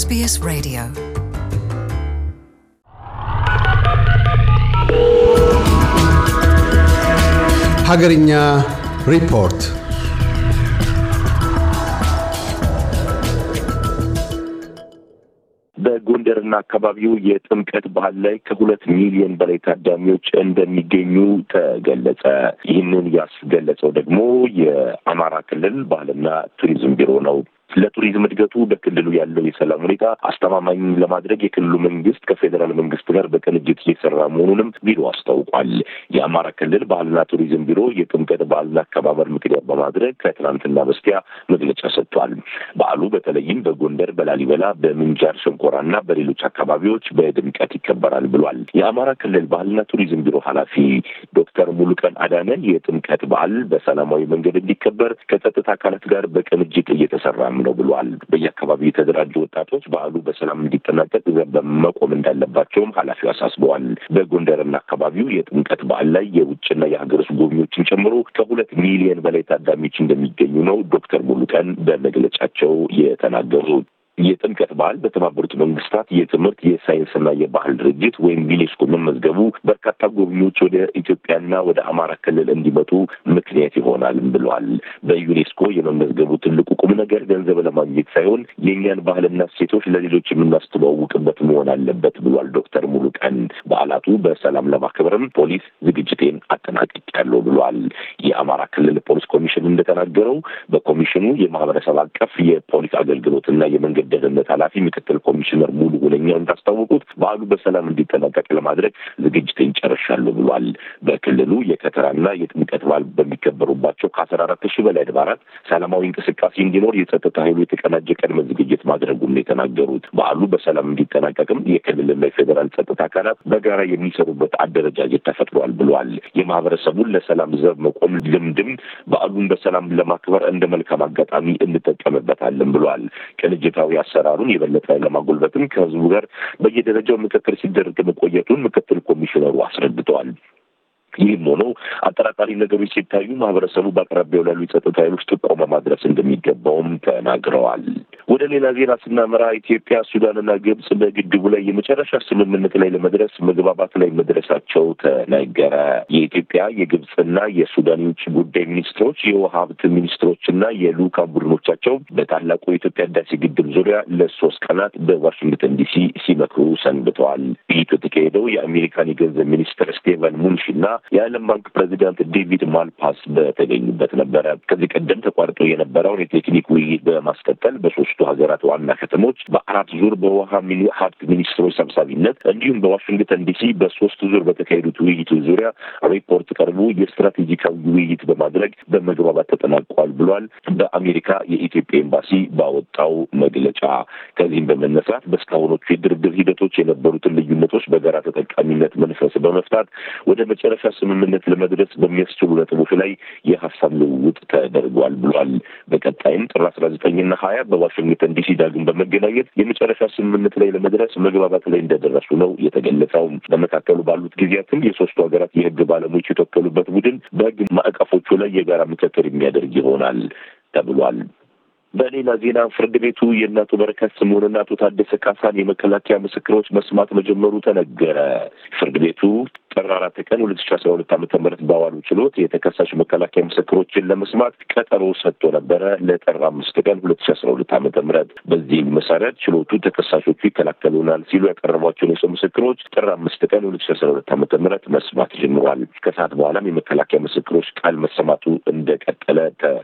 SBS Radio. ሀገርኛ ሪፖርት በጎንደርና አካባቢው የጥምቀት ባህል ላይ ከሁለት ሚሊዮን በላይ ታዳሚዎች እንደሚገኙ ተገለጸ። ይህንን ያስገለጸው ደግሞ የአማራ ክልል ባህልና ቱሪዝም ቢሮ ነው። ለቱሪዝም እድገቱ በክልሉ ያለው የሰላም ሁኔታ አስተማማኝ ለማድረግ የክልሉ መንግስት ከፌዴራል መንግስት ጋር በቅንጅት እየሰራ መሆኑንም ቢሮ አስታውቋል። የአማራ ክልል ባህልና ቱሪዝም ቢሮ የጥምቀት በዓልን አከባበር ምክንያት በማድረግ ከትናንትና በስቲያ መግለጫ ሰጥቷል። በዓሉ በተለይም በጎንደር፣ በላሊበላ፣ በምንጃር ሸንኮራና በሌሎች አካባቢዎች በድምቀት ይከበራል ብሏል። የአማራ ክልል ባህልና ቱሪዝም ቢሮ ኃላፊ ዶክተር ሙሉቀን አዳነ የጥምቀት በዓል በሰላማዊ መንገድ እንዲከበር ከጸጥታ አካላት ጋር በቅንጅት እየተሰራ ነው ነው ብሏል። በየአካባቢው የተደራጁ ወጣቶች በዓሉ በሰላም እንዲጠናቀቅ በመቆም እንዳለባቸውም ኃላፊው አሳስበዋል። በጎንደርና አካባቢው የጥምቀት በዓል ላይ የውጭና የሀገር ውስጥ ጎብኚዎችን ጨምሮ ከሁለት ሚሊዮን በላይ ታዳሚዎች እንደሚገኙ ነው ዶክተር ሙሉቀን በመግለጫቸው የተናገሩት። የጥምቀት በዓል በተባበሩት መንግስታት የትምህርት የሳይንስና የባህል ድርጅት ወይም ዩኔስኮ መመዝገቡ በርካታ ጎብኚዎች ወደ ኢትዮጵያና ወደ አማራ ክልል እንዲመጡ ምክንያት ይሆናል ብለዋል። በዩኔስኮ የመመዝገቡ ትልቁ ቁም ነገር ገንዘብ ለማግኘት ሳይሆን የእኛን ባህልና እሴቶች ለሌሎች የምናስተዋውቅበት መሆን አለበት ብሏል ዶክተር ሙሉቀን። በዓላቱ በሰላም ለማክበርም ፖሊስ ዝግጅቴን አጠናቅቄያለሁ ብሏል። የአማራ ክልል ፖሊስ ኮሚሽን እንደተናገረው በኮሚሽኑ የማህበረሰብ አቀፍ የፖሊስ አገልግሎትና የመንገድ ደህንነት ኃላፊ ምክትል ኮሚሽነር ሙሉ ሁለኛው እንዳስታወቁት በዓሉ በሰላም እንዲጠናቀቅ ለማድረግ ዝግጅትን ጨርሻለሁ ብሏል። በክልሉ የከተራና የጥምቀት በዓል በሚከበሩባቸው ከአስራ አራት ሺህ በላይ አድባራት ሰላማዊ እንቅስቃሴ እንዲኖር የጸጥታ ኃይሉ የተቀናጀ ቅድመ ዝግጅት ማድረጉን የተናገሩት በዓሉ በሰላም እንዲጠናቀቅም የክልልና የፌዴራል ጸጥታ አካላት በጋራ የሚሰሩበት አደረጃጀት ተፈጥሯል ብሏል። የማህበረሰቡን ለሰላም ዘብ መቆም ልምድም በዓሉን በሰላም ለማክበር እንደ መልካም አጋጣሚ እንጠቀምበታለን ብለዋል። ቅንጅታዊ አሰራሩን የበለጠ ለማጎልበትም ከህዝቡ ጋር በየደረጃው ምክክር ሲደረግ መቆየቱን ምክትል ኮሚሽነሩ አስረድተዋል። ይህም ሆኖ አጠራጣሪ ነገሮች ሲታዩ ማህበረሰቡ በአቅራቢያው ላሉ የጸጥታ ኃይሎች ጥቆማ ማድረስ እንደሚገባውም ተናግረዋል። ወደ ሌላ ዜና ስናመራ ኢትዮጵያ፣ ሱዳንና ግብጽ በግድቡ ላይ የመጨረሻ ስምምነት ላይ ለመድረስ መግባባት ላይ መድረሳቸው ተነገረ። የኢትዮጵያ የግብጽና የሱዳን የውጭ ጉዳይ ሚኒስትሮች፣ የውሃ ሀብት ሚኒስትሮችና የልዑካን ቡድኖቻቸው በታላቁ የኢትዮጵያ ህዳሴ ግድብ ዙሪያ ለሶስት ቀናት በዋሽንግተን ዲሲ ሲመክሩ ሰንብተዋል። ውይይቱ የተካሄደው የአሜሪካን የገንዘብ ሚኒስትር ስቴቨን ሙንሽ እና የዓለም ባንክ ፕሬዚዳንት ዴቪድ ማልፓስ በተገኙበት ነበረ። ከዚህ ቀደም ተቋርጦ የነበረውን የቴክኒክ ውይይት በማስቀጠል በሶስት በሶስቱ ሀገራት ዋና ከተሞች በአራት ዙር በውሃ ሀብት ሚኒስትሮች ሰብሳቢነት እንዲሁም በዋሽንግተን ዲሲ በሶስት ዙር በተካሄዱት ውይይት ዙሪያ ሪፖርት ቀርቦ የስትራቴጂካዊ ውይይት በማድረግ በመግባባት ተጠናቋል ብሏል በአሜሪካ የኢትዮጵያ ኤምባሲ ባወጣው መግለጫ። ከዚህም በመነሳት በእስካሁኖቹ የድርድር ሂደቶች የነበሩትን ልዩነቶች በጋራ ተጠቃሚነት መንፈስ በመፍታት ወደ መጨረሻ ስምምነት ለመድረስ በሚያስችሉ ነጥቦች ላይ የሀሳብ ልውውጥ ተደርጓል ብሏል። በቀጣይም ጥር አስራ ዘጠኝና ሀያ በዋሽንግተን በዋሽንግተን ዲሲ ዳግም በመገናኘት የመጨረሻ ስምምነት ላይ ለመድረስ መግባባት ላይ እንደደረሱ ነው የተገለጸው። በመካከሉ ባሉት ጊዜያትም የሶስቱ ሀገራት የህግ ባለሙያዎች የተወከሉበት ቡድን በህግ ማዕቀፎቹ ላይ የጋራ ምክክር የሚያደርግ ይሆናል ተብሏል። በሌላ ዜና ፍርድ ቤቱ የእነ አቶ በረከት ስምኦንና አቶ ታደሰ ካሳን የመከላከያ ምስክሮች መስማት መጀመሩ ተነገረ። ፍርድ ቤቱ ጥር አራት ቀን ሁለት ሺ አስራ ሁለት ዓመተ ምህረት በዋሉ ችሎት የተከሳሽ መከላከያ ምስክሮችን ለመስማት ቀጠሮ ሰጥቶ ነበረ ለጥር አምስት ቀን ሁለት ሺ አስራ ሁለት ዓመተ ምህረት በዚህ መሰረት ችሎቱ ተከሳሾቹ ይከላከሉናል ሲሉ ያቀረቧቸውን የሰው ምስክሮች ጥር አምስት ቀን ሁለት ሺ አስራ ሁለት ዓመተ ምህረት መስማት ጀምሯል። ከሰዓት በኋላም የመከላከያ ምስክሮች ቃል መሰማቱ እንደቀጠለ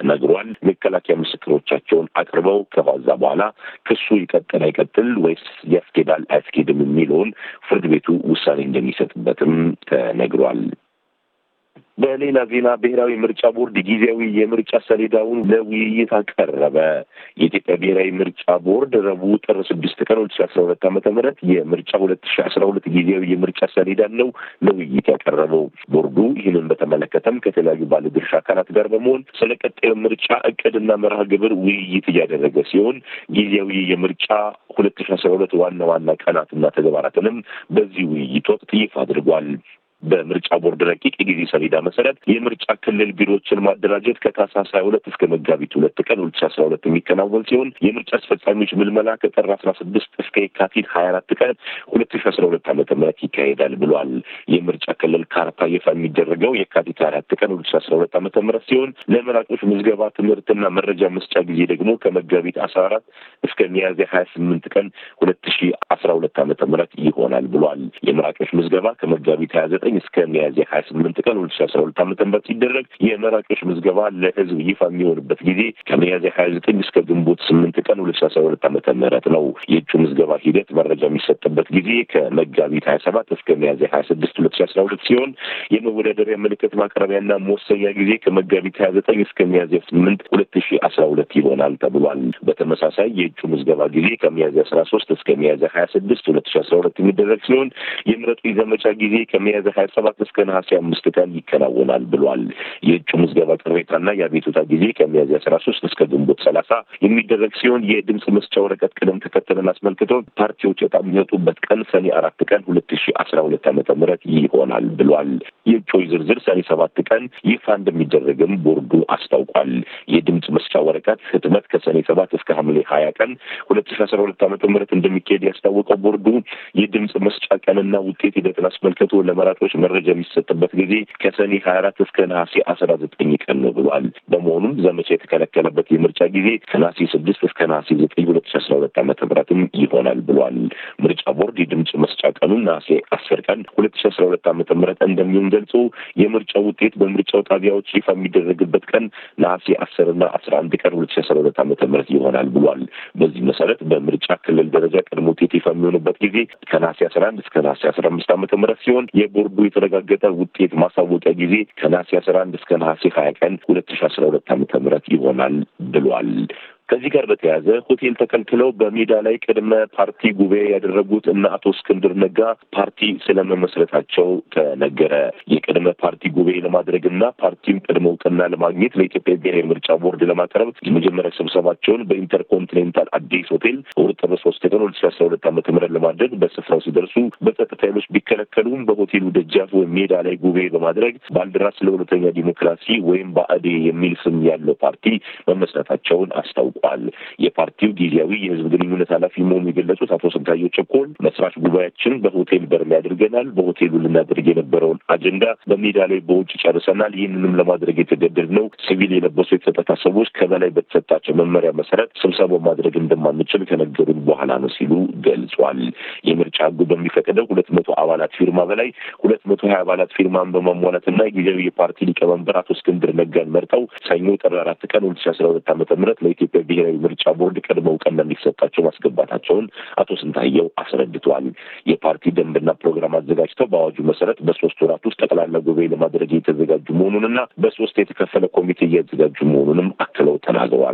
ተነግሯል። መከላከያ ምስክሮቻቸውን አቅርበው ከዋዛ በኋላ ክሱ ይቀጥል አይቀጥል ወይስ ያስኬዳል አያስኬድም የሚለውን ፍርድ ቤቱ ውሳኔ እንደሚሰጥበትም ተነግሯል። በሌላ ዜና ብሔራዊ ምርጫ ቦርድ ጊዜያዊ የምርጫ ሰሌዳውን ለውይይት አቀረበ። የኢትዮጵያ ብሔራዊ ምርጫ ቦርድ ረቡዕ ጥር ስድስት ቀን ሁለት ሺ አስራ ሁለት ዓመተ ምህረት የምርጫ ሁለት ሺ አስራ ሁለት ጊዜያዊ የምርጫ ሰሌዳን ነው ለውይይት ያቀረበው። ቦርዱ ይህንን በተመለከተም ከተለያዩ ባለድርሻ አካላት ጋር በመሆን ስለ ቀጣዩ ምርጫ እቅድና መርሃ ግብር ውይይት እያደረገ ሲሆን ጊዜያዊ የምርጫ ሁለት ሺ አስራ ሁለት ዋና ዋና ቀናትና ተግባራትንም በዚህ ውይይት ወቅት ይፋ አድርጓል። በምርጫ ቦርድ ረቂቅ የጊዜ ሰሌዳ መሰረት የምርጫ ክልል ቢሮዎችን ማደራጀት ከታህሳስ ሀያ ሁለት እስከ መጋቢት ሁለት ቀን ሁለት ሺ አስራ ሁለት የሚከናወን ሲሆን የምርጫ አስፈጻሚዎች ምልመላ ከጥር አስራ ስድስት እስከ የካቲት ሀያ አራት ቀን ሁለት ሺ አስራ ሁለት ዓመተ ምህረት ይካሄዳል ብሏል። የምርጫ ክልል ካርታ ይፋ የሚደረገው የካቲት ሀያ አራት ቀን ሁለት ሺ አስራ ሁለት ዓመተ ምህረት ሲሆን ለመራጮች ምዝገባ ትምህርትና መረጃ መስጫ ጊዜ ደግሞ ከመጋቢት አስራ አራት እስከ ሚያዝያ ሀያ ስምንት ቀን ሁለት ሺ አስራ ሁለት ዓመተ ምህረት ይሆናል ብሏል። የመራጮች ምዝገባ ከመጋቢት ሀያ ዘጠኝ እስከ ሚያዝያ ሀያ ስምንት ቀን ሁለት ሺ አስራ ሁለት ዓመተ ምህረት ሲደረግ የመራጮች ምዝገባ ለህዝብ ይፋ የሚሆንበት ጊዜ ከሚያዝያ ሀያ ዘጠኝ እስከ ግንቦት ስምንት ቀን ሁለት ሺ አስራ ሁለት ዓመተ ምህረት ነው። የእጩ ምዝገባ ሂደት መረጃ የሚሰጥበት ጊዜ ከመጋቢት ሀያ ሰባት እስከ ሚያዝያ ሀያ ስድስት ሁለት ሺ አስራ ሁለት ሲሆን የመወዳደሪያ ምልክት ማቅረቢያና መወሰኛ ጊዜ ከመጋቢት ሀያ ዘጠኝ እስከ ሚያዝያ ስምንት ሁለት ሺ አስራ ሁለት ይሆናል ተብሏል። በተመሳሳይ የእጩ ምዝገባ ጊዜ ከሚያዝያ አስራ ሶስት እስከ ሚያዝያ ሀያ ስድስት ሁለት ሺ አስራ ሁለት የሚደረግ ሲሆን የምረጡ ዘመቻ ጊዜ ከሚያዝያ ሀያ ሰባት እስከ ነሐሴ አምስት ቀን ይከናወናል ብሏል። የእጩ ምዝገባ ቅሬታና የአቤቱታ ጊዜ ከሚያዝያ አስራ ሶስት እስከ ግንቦት ሰላሳ የሚደረግ ሲሆን የድምፅ መስጫ ወረቀት ቅደም ተከተልን አስመልክቶ ፓርቲዎች ዕጣ የሚወጡበት ቀን ሰኔ አራት ቀን ሁለት ሺ አስራ ሁለት ዓመተ ምህረት ይሆናል ብሏል። የእጩዎች ዝርዝር ሰኔ ሰባት ቀን ይፋ እንደሚደረግም ቦርዱ አስታውቋል። የድምፅ መስጫ ወረቀት ህትመት ከሰኔ ሰባት እስከ ሐምሌ ሀያ ቀን ሁለት ሺ አስራ ሁለት ዓመተ ምህረት እንደሚካሄድ ያስታወቀው ቦርዱ የድምፅ መስጫ ቀንና ውጤት ሂደትን አስመልክቶ ለመራጮ ጥያቄዎች መረጃ የሚሰጥበት ጊዜ ከሰኔ ሀያ አራት እስከ ነሐሴ አስራ ዘጠኝ ቀን ነው ብሏል። በመሆኑም ዘመቻ የተከለከለበት የምርጫ ጊዜ ከነሐሴ ስድስት እስከ ነሐሴ ዘጠኝ ሁለት ሺ አስራ ሁለት ዓመተ ምህረትም ይሆናል ብሏል። ምርጫ ቦርድ የድምፅ መስጫ ቀኑን ነሐሴ አስር ቀን ሁለት ሺ አስራ ሁለት ዓመተ ምህረት እንደሚሆን ገልጾ የምርጫው ውጤት በምርጫው ጣቢያዎች ይፋ የሚደረግበት ቀን ነሐሴ አስር እና አስራ አንድ ቀን ሁለት ሺ አስራ ሁለት ዓመተ ምህረት ይሆናል ብሏል። በዚህ መሰረት በምርጫ ክልል ደረጃ ቀድሞ ውጤት ይፋ የሚሆንበት ጊዜ ከነሐሴ አስራ አንድ እስከ ነሐሴ አስራ አምስት ዓመተ ምህረት ሲሆን የቦርዱ ተመዝግቦ የተረጋገጠ ውጤት ማሳወቂያ ጊዜ ከነሐሴ አስራ አንድ እስከ ነሐሴ ሀያ ቀን ሁለት ሺ አስራ ሁለት ዓመተ ምህረት ይሆናል ብሏል። ከዚህ ጋር በተያያዘ ሆቴል ተከልክለው በሜዳ ላይ ቅድመ ፓርቲ ጉባኤ ያደረጉት እነ አቶ እስክንድር ነጋ ፓርቲ ስለመመስረታቸው ተነገረ። የቅድመ ፓርቲ ጉባኤ ለማድረግ እና ፓርቲውን ቅድመ እውቅና ለማግኘት ለኢትዮጵያ ብሔራዊ ምርጫ ቦርድ ለማቅረብ የመጀመሪያ ስብሰባቸውን በኢንተርኮንቲኔንታል አዲስ ሆቴል ሁለት ጥር ሶስት ቀን ሁለት ሺህ አስራ ሁለት ዓመተ ምህረት ለማድረግ በስፍራው ሲደርሱ በጸጥታ ኃይሎች ቢከለከሉም በሆቴሉ ደጃፍ ወይም ሜዳ ላይ ጉባኤ በማድረግ ባልደራስ ለእውነተኛ ዲሞክራሲ ወይም በአዴ የሚል ስም ያለው ፓርቲ መመስረታቸውን አስታውቀዋል። ታውቋል። የፓርቲው ጊዜያዊ የህዝብ ግንኙነት ኃላፊ መሆኑ የገለጹት አቶ ስንታየሁ ቸኮል መስራች ጉባኤያችን በሆቴል በርሜ አድርገናል። በሆቴሉ ልናደርግ የነበረውን አጀንዳ በሜዳ ላይ በውጭ ጨርሰናል። ይህንንም ለማድረግ የተገደድነው ሲቪል የለበሱ የተጠታ ሰዎች ከበላይ በተሰጣቸው መመሪያ መሰረት ስብሰባ ማድረግ እንደማንችል ከነገሩን በኋላ ነው ሲሉ ገልጿል። የምርጫ ህጉ በሚፈቅደው ሁለት መቶ አባላት ፊርማ በላይ ሁለት መቶ ሀያ አባላት ፊርማን በማሟላትና ጊዜያዊ የፓርቲ ሊቀመንበር አቶ እስክንድር ነጋን መርጠው ሰኞ ጥር አራት ቀን ሁለት ሺ አስራ ሁለት ዓመተ ምህረት ለኢትዮጵያ ብሔራዊ ምርጫ ቦርድ ቅድመ እውቅና እንዲሰጣቸው ማስገባታቸውን አቶ ስንታየው አስረድቷል። የፓርቲ ደንብና ፕሮግራም አዘጋጅተው በአዋጁ መሰረት በሶስት ወራት ውስጥ ጠቅላላ ጉባኤ ለማድረግ የተዘጋጁ መሆኑንና በሶስት የተከፈለ ኮሚቴ እያዘጋጁ መሆኑንም አክለው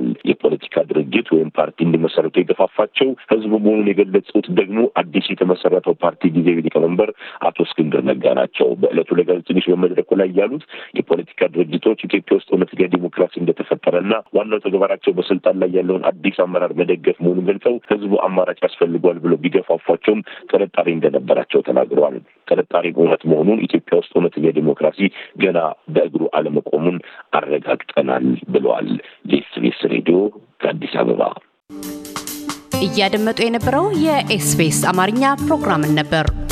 ተናግረዋል። የፖለቲካ ድርጅት ወይም ፓርቲ እንዲመሰረቱ የገፋፋቸው ህዝቡ መሆኑን የገለጹት ደግሞ አዲስ የተመሰረተው ፓርቲ ጊዜያዊ ሊቀመንበር አቶ እስክንድር ነጋ ናቸው። በእለቱ ለጋዜጠኞች በመድረኩ ላይ ያሉት የፖለቲካ ድርጅቶች ኢትዮጵያ ውስጥ እውነተኛ ዲሞክራሲ እንደተፈጠረና ዋናው ተግባራቸው በስልጣን ላይ ያለውን አዲስ አመራር መደገፍ መሆኑን ገልጸው ህዝቡ አማራጭ ያስፈልጓል ብሎ ቢገፋፏቸውም ጥርጣሬ እንደነበራቸው ተናግረዋል። ጥርጣሬ እውነት መሆኑን ኢትዮጵያ ውስጥ እውነተኛ ዲሞክራሲ ገና በእግሩ አለመቆሙን አረጋግጠናል ብለዋል። ለኤስቢኤስ ሬዲዮ ከአዲስ አበባ እያደመጡ የነበረው የኤስቢኤስ አማርኛ ፕሮግራምን ነበር።